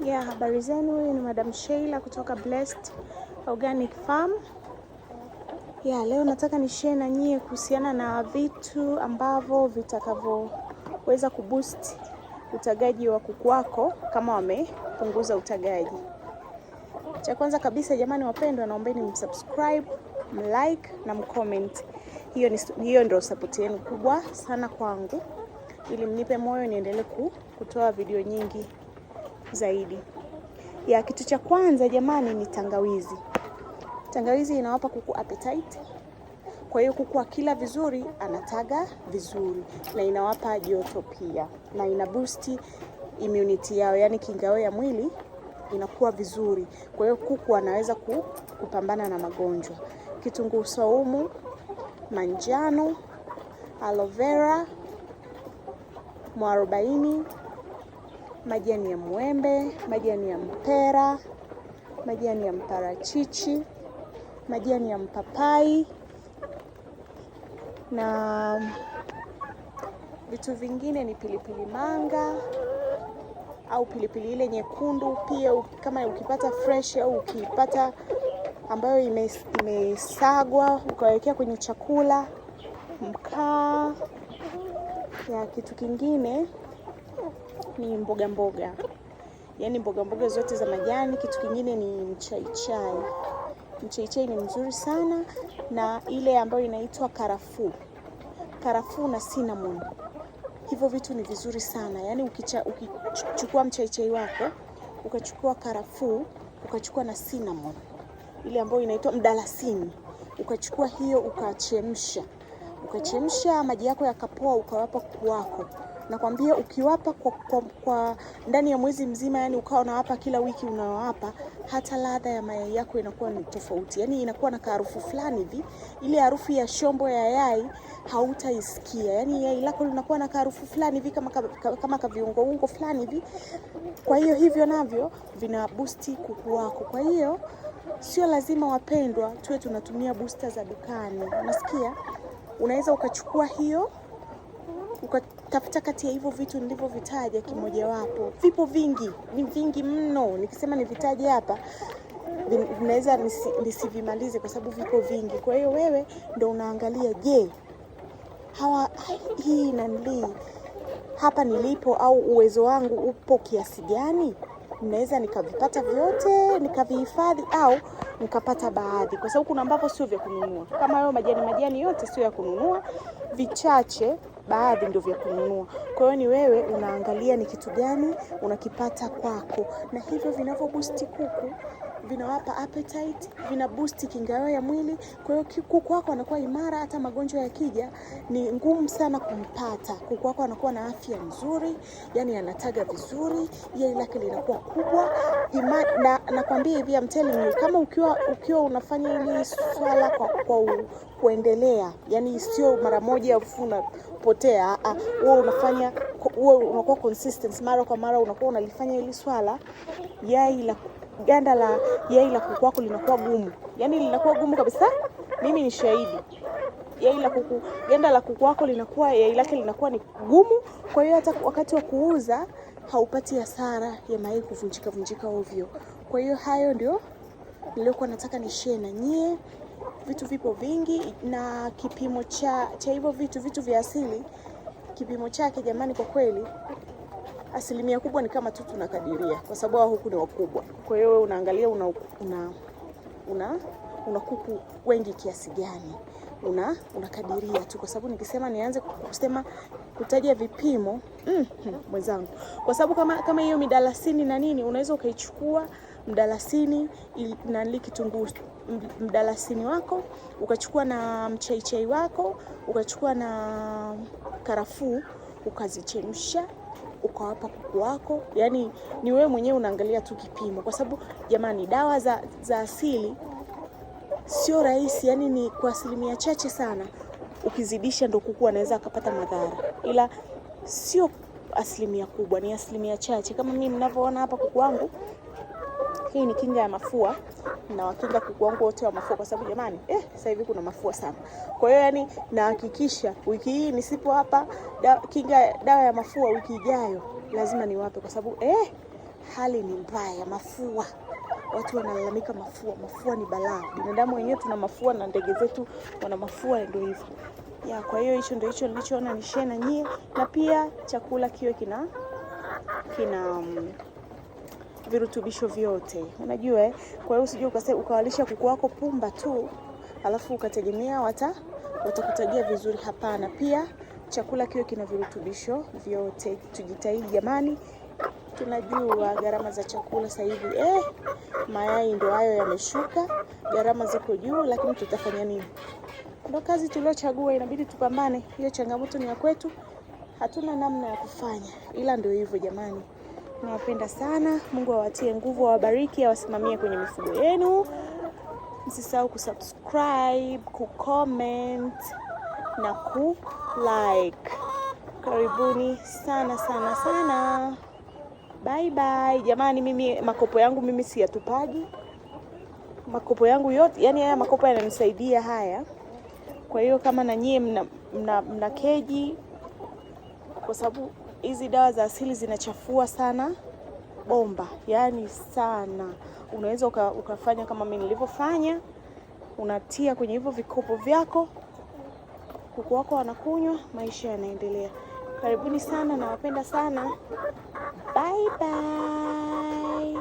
ya yeah, habari zenu. Huyu ni Madam Sheila kutoka Blessed Organic Farm. Ya yeah, leo nataka ni share na nyie kuhusiana na vitu ambavyo vitakavyoweza kuboost utagaji wa kuku wako kama wamepunguza utagaji. Cha kwanza kabisa, jamani wapendwa, naombeni msubscribe, mlike na mcomment. Hiyo ni, hiyo ndio support yenu kubwa sana kwangu ili mnipe moyo niendelee kutoa video nyingi zaidi. Ya kitu cha kwanza jamani ni tangawizi. Tangawizi inawapa kuku appetite. Kwa hiyo kuku akila vizuri anataga vizuri na inawapa joto pia na ina boost immunity yao, yani kinga yao ya mwili inakuwa vizuri. Kwa hiyo kuku anaweza kupambana na magonjwa. Kitunguu saumu, manjano, aloe vera, mwarobaini majani ya mwembe, majani ya mpera, majani ya mparachichi, majani ya mpapai na vitu vingine ni pilipili manga au pilipili ile nyekundu pia, kama ukipata fresh au ukipata ambayo imesagwa ukawekea kwenye chakula, mkaa ya kitu kingine ni mboga mboga, yaani mboga mboga zote za majani. Kitu kingine ni mchaichai. Mchaichai ni mzuri sana, na ile ambayo inaitwa karafuu, karafuu na cinnamon. Hivyo vitu ni vizuri sana, yaani ukichukua mchaichai wako ukachukua karafuu ukachukua na cinnamon ile ambayo inaitwa mdalasini ukachukua hiyo ukachemsha, ukachemsha maji yako yakapoa, ukawapa kuku wako, nakwambia ukiwapa kwa, kwa, kwa ndani ya mwezi mzima, yani ukawa unawapa kila wiki unawapa, hata ladha ya mayai yako inakuwa ni tofauti, yani inakuwa na harufu fulani hivi, ile harufu ya shombo ya yai hautaisikia, yani yai lako linakuwa na harufu fulani hivi kama, kama, kama kaviungo ungo fulani hivi. Kwa hiyo hivyo navyo vina boost kuku wako, kwa hiyo sio lazima wapendwa, tuwe tunatumia booster za dukani, unasikia? Unaweza ukachukua hiyo ukatafuta kati ya hivyo vitu nilivyovitaja kimojawapo. Vipo vingi, ni vingi mno, nikisema nivitaje hapa vinaweza nisivimalize kwa sababu vipo vingi. Kwa hiyo wewe ndo unaangalia, je, hawa hii nanlii hapa nilipo au uwezo wangu upo kiasi gani? Naweza nikavipata vyote nikavihifadhi, au nikapata baadhi, kwa sababu kuna ambavyo sio vya kununua. Kama hayo majani majani yote sio ya kununua, vichache baadhi ndio vya kununua. Kwa hiyo ni wewe unaangalia ni kitu gani unakipata kwako, na hivyo vinavyobusti kuku vinawapa appetite, vina boost kinga yao ya mwili. Kwa hiyo kuku wako wanakuwa imara, hata magonjwa yakija ni ngumu sana kumpata. Kuku wako wanakuwa na afya nzuri, yani anataga vizuri, yai lake linakuwa kubwa. na Nakwambia hivi, I'm telling you, kama ukiwa ukiwa unafanya hili swala kwa, kwa u, kuendelea, yani sio mara moja afu unapotea, ah, ah, wewe unafanya wewe unakuwa consistent, mara kwa mara unakuwa unalifanya hili swala, yai la ganda la yai la kuku wako linakuwa gumu, yaani linakuwa gumu kabisa. Mimi ni shahidi, yai la kuku, ganda la kuku wako linakuwa yai lake linakuwa ni gumu, kwa hiyo hata wakati wa kuuza haupati hasara ya, ya mayai kuvunjika vunjika ovyo. Kwa hiyo hayo ndio niliokuwa nataka ni share na nyie. Vitu vipo vingi na kipimo cha cha hivyo vitu vitu vya asili kipimo chake jamani, kwa kweli asilimia kubwa ni kama tu tunakadiria, kwa sababu hao huku ni wakubwa. Kwa hiyo unaangalia una, una, una, una kuku wengi kiasi gani una unakadiria tu, kwa sababu nikisema nianze kusema kutaja vipimo mm, mwenzangu, kwa sababu kama kama hiyo midalasini na nini, unaweza ukaichukua mdalasini na kitunguu mdalasini wako ukachukua na mchaichai wako ukachukua na karafuu ukazichemsha ukawapa kuku wako, yani ni wewe mwenyewe unaangalia tu kipimo, kwa sababu jamani, dawa za, za asili sio rahisi, yani ni kwa asilimia chache sana. Ukizidisha ndo kuku anaweza akapata madhara, ila sio asilimia kubwa, ni asilimia chache. Kama mimi mnavyoona hapa kuku wangu hii ni kinga ya mafua na wakinga kukuangu wote wa mafua, kwa sababu jamani, eh, sasa hivi kuna mafua sana. Kwa hiyo yani nahakikisha wiki hii nisipo hapa da, kinga dawa ya mafua wiki ijayo lazima niwape, kwa sababu eh, hali ni mbaya, mafua watu wanalalamika mafua. Mafua ni balaa, binadamu wenyewe tuna mafua na ndege zetu wana mafua, ndio hivyo ya. Kwa hiyo hicho ndio hicho nilichoona ni na nyie, na pia chakula kiwe kina kina um, virutubisho vyote, unajua eh? Kwa hiyo usije ukawalisha kuku wako pumba tu alafu ukategemea wata watakutajia vizuri. Hapana, pia chakula kiwe kina virutubisho vyote. Tujitahidi jamani, tunajua gharama za chakula sasa hivi eh, mayai ndio hayo yameshuka, gharama ziko juu, lakini tutafanya nini? Ndio kazi tuliochagua, inabidi tupambane. Hiyo changamoto ni ya kwetu, hatuna namna ya kufanya, ila ndio hivyo jamani. Nawapenda sana. Mungu awatie nguvu, awabariki, awasimamie kwenye mifugo yenu. Msisahau kusubscribe, kucomment na ku like. Karibuni sana sana sana. Bye bye. Jamani, mimi makopo yangu mimi siyatupaji. Makopo yangu yote, yani haya makopo yananisaidia haya. Kwa hiyo kama na nyie mna, mna, mna keji kwa sababu hizi dawa za asili zinachafua sana bomba, yaani sana. Unaweza uka, ukafanya kama mimi nilivyofanya, unatia kwenye hivyo vikopo vyako, kuku wako wanakunywa, maisha yanaendelea. Karibuni sana, nawapenda sana, bye bye.